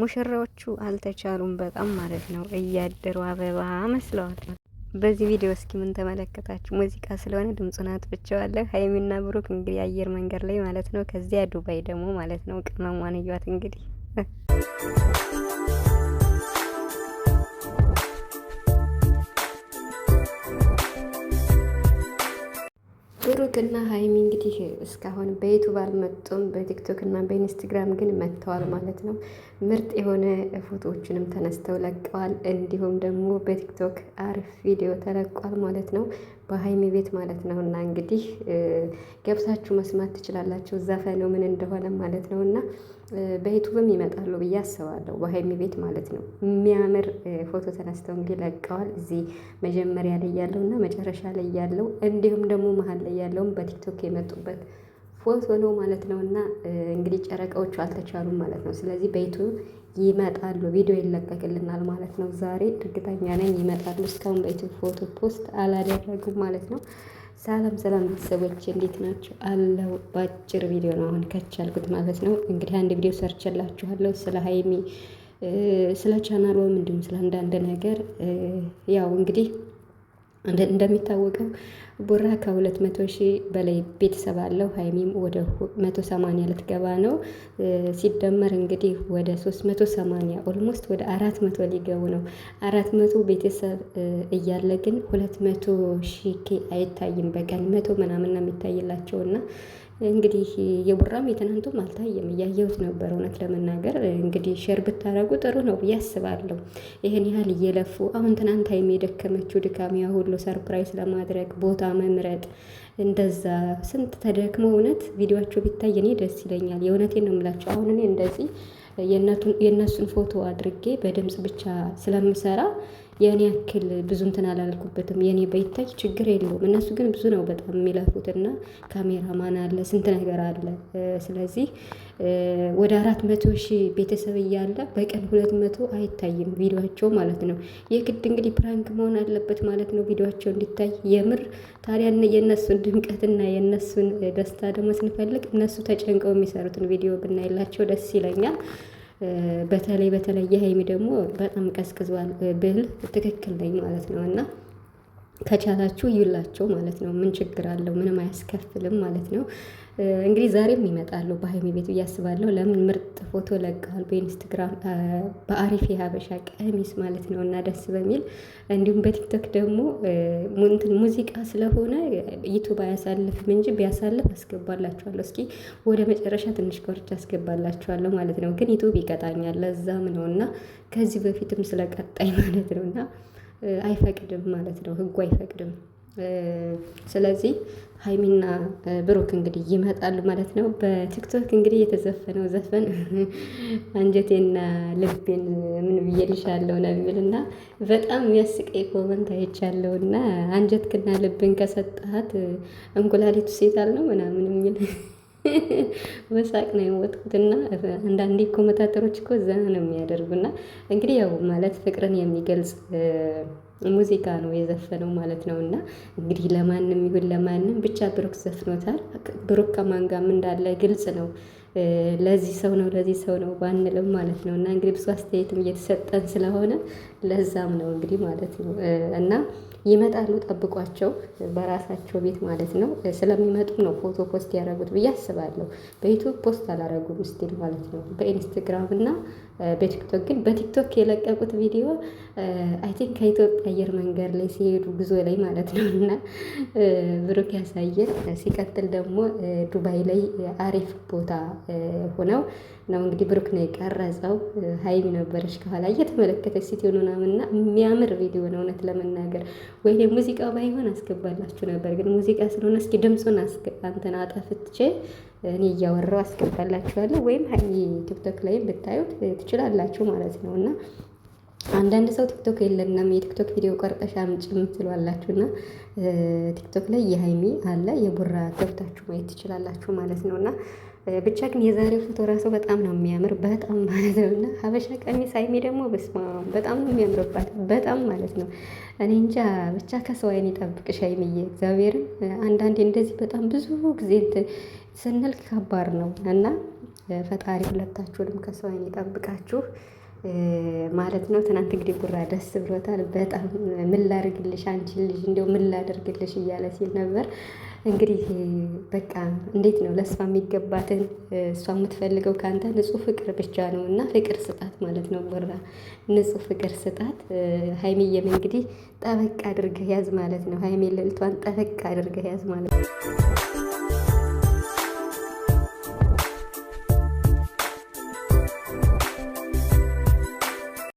ሙሽራዎቹ አልተቻሉም በጣም ማለት ነው። እያደሩ አበባ መስለዋል። በዚህ ቪዲዮ እስኪ ምን ተመለከታችሁ? ሙዚቃ ስለሆነ ድምፁን አጥፍቼዋለሁ። ሀይሚና ብሩክ እንግዲህ አየር መንገድ ላይ ማለት ነው። ከዚያ ዱባይ ደግሞ ማለት ነው ቅመሟን እያት እንግዲህ ብሩክ እና ሀይሚ እንግዲህ እስካሁን በዩቱብ አልመጡም። በቲክቶክ እና በኢንስትግራም ግን መጥተዋል ማለት ነው። ምርጥ የሆነ ፎቶዎችንም ተነስተው ለቀዋል። እንዲሁም ደግሞ በቲክቶክ አሪፍ ቪዲዮ ተለቋል ማለት ነው። በሀይሚ ቤት ማለት ነው። እና እንግዲህ ገብታችሁ መስማት ትችላላችሁ ዘፈነው ምን እንደሆነ ማለት ነው። እና በዩቱብም ይመጣሉ ብዬ አስባለሁ በሀይሚ ቤት ማለት ነው። የሚያምር ፎቶ ተነስተው እንግዲህ ለቀዋል። እዚህ መጀመሪያ ላይ ያለው እና መጨረሻ ላይ ያለው እንዲሁም ደግሞ መሀል ላይ ያለውም በቲክቶክ የመጡበት ፎቶ ነው ማለት ነው። እና እንግዲህ ጨረቃዎቹ አልተቻሉም ማለት ነው። ስለዚህ በዩቱብ ይመጣሉ ቪዲዮ ይለቀቅልናል ማለት ነው። ዛሬ እርግጠኛ ነኝ ይመጣሉ። እስካሁን በኢትዮ ፎቶ ፖስት አላደረጉም ማለት ነው። ሰላም ሰላም ቤተሰቦች እንዴት ናቸው? አለው በአጭር ቪዲዮ ነው አሁን ከች ያልኩት ማለት ነው። እንግዲህ አንድ ቪዲዮ ሰርችላችኋለሁ ስለ ሀይሚ ስለ ቻናሏም እንዲሁም ስለ አንዳንድ ነገር ያው እንግዲህ እንደሚታወቀው ቡራ ከሁለት መቶ ሺህ በላይ ቤተሰብ አለው። ሀይሚም ወደ መቶ ሰማንያ ልትገባ ነው። ሲደመር እንግዲህ ወደ ሶስት መቶ ሰማንያ ኦልሞስት ወደ አራት መቶ ሊገቡ ነው። አራት መቶ ቤተሰብ እያለ ግን ሁለት መቶ ሺህ አይታይም። በቀን መቶ ምናምን ነው የሚታይላቸውና እንግዲህ የቡራም የትናንቱም አልታየም፣ እያየሁት ነበር። እውነት ለመናገር እንግዲህ ሼር ብታረጉ ጥሩ ነው ብዬ አስባለሁ። ይህን ያህል እየለፉ አሁን ትናንት ሀይሚ የደከመችው ድካም ያ ሁሉ ሰርፕራይዝ ለማድረግ ቦታ መምረጥ እንደዛ ስንት ተደክሞ እውነት ቪዲዮቸው ቢታይ እኔ ደስ ይለኛል። የእውነቴን ነው የምላቸው። አሁን እኔ እንደዚህ የእነሱን ፎቶ አድርጌ በድምፅ ብቻ ስለምሰራ የእኔ ያክል ብዙ እንትን አላልኩበትም። የእኔ በይታይ ችግር የለውም። እነሱ ግን ብዙ ነው በጣም የሚለፉት ካሜራ ካሜራማን አለ፣ ስንት ነገር አለ። ስለዚህ ወደ አራት መቶ ሺህ ቤተሰብ እያለ በቀን ሁለት መቶ አይታይም ቪዲዮቸው ማለት ነው። የግድ እንግዲህ ፕራንክ መሆን አለበት ማለት ነው ቪዲዮቸው እንዲታይ የምር። ታዲያ የእነሱን ድምቀትና የእነሱን ደስታ ደግሞ ስንፈልግ እነሱ ተጨንቀው የሚሰሩትን ቪዲዮ ብናይላቸው ደስ ይለኛል። በተለይ በተለይ ሀይሜ ደግሞ በጣም ቀዝቅዟል ብል ትክክል ነኝ ማለት ነው እና ከቻላችሁ ይላቸው ማለት ነው። ምን ችግር አለው? ምንም አያስከፍልም ማለት ነው። እንግዲህ ዛሬም ይመጣሉ በሀይሚ ቤት እያስባለሁ። ለምን ምርጥ ፎቶ ለቀዋል በኢንስትግራም በአሪፍ የሀበሻ ቀሚስ ማለት ነው እና ደስ በሚል እንዲሁም በቲክቶክ ደግሞ እንትን ሙዚቃ ስለሆነ ዩቱብ አያሳልፍም እንጂ ቢያሳልፍ አስገባላችኋለሁ። እስኪ ወደ መጨረሻ ትንሽ ቆርጬ አስገባላችኋለሁ ማለት ነው። ግን ዩቱብ ይቀጣኛል ለዛም ነው እና ከዚህ በፊትም ስለቀጣኝ ማለት ነው እና አይፈቅድም ማለት ነው፣ ህጉ አይፈቅድም። ስለዚህ ሀይሚና ብሩክ እንግዲህ ይመጣሉ ማለት ነው። በቲክቶክ እንግዲህ የተዘፈነው ዘፈን አንጀቴና ልቤን ምን ብዬልሻለሁ ነቢልና በጣም የሚያስቀይ ኮመንት አይቻለሁ። እና አንጀትክና ልብን ከሰጠሃት እንቁላሊቱ ሴት ነው ምናምን የሚል መሳቅ ነው የሞትኩትና አንዳንዴ ኮመታተሮች እኮ ዘና ነው የሚያደርጉና እንግዲህ ያው ማለት ፍቅርን የሚገልጽ ሙዚቃ ነው የዘፈነው ማለት ነው። እና እንግዲህ ለማንም ይሁን ለማንም ብቻ ብሩክ ዘፍኖታል። ብሩክ ከማን ጋርም እንዳለ ግልጽ ነው። ለዚህ ሰው ነው ለዚህ ሰው ነው ባንልም ማለት ነው እና እንግዲህ ብዙ አስተያየትም እየተሰጠን ስለሆነ ለዛም ነው እንግዲህ ማለት ነው እና ይመጣሉ ጠብቋቸው በራሳቸው ቤት ማለት ነው ስለሚመጡ ነው ፎቶ ፖስት ያደረጉት ብዬ አስባለሁ በዩቱብ ፖስት አላረጉም ስቲል ማለት ነው በኢንስትግራም እና በቲክቶክ ግን በቲክቶክ የለቀቁት ቪዲዮ አይ ቲንክ ከኢትዮጵያ አየር መንገድ ላይ ሲሄዱ ጉዞ ላይ ማለት ነው እና ብሩክ ያሳየን ሲቀጥል ደግሞ ዱባይ ላይ አሪፍ ቦታ ሆነው ነው እንግዲህ ብሩክ ነው የቀረጸው። ሀይሚ ነበረች ከኋላ እየተመለከተች ስትሆን ምናምን እና የሚያምር ቪዲዮ ነው እውነት ለመናገር ወይ ሙዚቃ ባይሆን አስገባላችሁ ነበር፣ ግን ሙዚቃ ስለሆነ እስኪ ድምፁን አንተን አጠፍቼ እኔ እያወራው አስገባላችኋለሁ። ወይም ሀይሚ ቲክቶክ ላይም ብታዩት ትችላላችሁ ማለት ነው እና አንዳንድ ሰው ቲክቶክ የለንም የቲክቶክ ቪዲዮ ቀርጠሽ አምጪ የምትሏላችሁ እና ቲክቶክ ላይ የሀይሚ አለ የቡራ ገብታችሁ ማየት ትችላላችሁ ማለት ነው። እና ብቻ ግን የዛሬው ፎቶ ራሱ በጣም ነው የሚያምር በጣም ማለት ነው። እና ሀበሻ ቀሚስ ሀይሚ ደግሞ በስማ በጣም ነው የሚያምርባት በጣም ማለት ነው። እኔ እንጃ ብቻ ከሰው አይን ይጠብቅሽ ሀይሚዬ እግዚአብሔርን። አንዳንዴ እንደዚህ በጣም ብዙ ጊዜ ስንል ከባድ ነው እና ፈጣሪ ሁለታችሁንም ከሰው አይን ይጠብቃችሁ። ማለት ነው። ትናንት እንግዲህ ጉራ ደስ ብሎታል በጣም ምን ላድርግልሽ አንቺን ልጅ እንደው ምን ላድርግልሽ እያለ ሲል ነበር። እንግዲህ በቃ እንዴት ነው ለእሷ የሚገባትን እሷ የምትፈልገው ከአንተ ንጹህ ፍቅር ብቻ ነው እና ፍቅር ስጣት ማለት ነው። ጉራ ንጹህ ፍቅር ስጣት። ሀይሚየም እንግዲህ ጠበቅ አድርገህ ያዝ ማለት ነው። ሀይሜ ልዕልቷን ጠበቅ አድርገህ ያዝ ማለት ነው።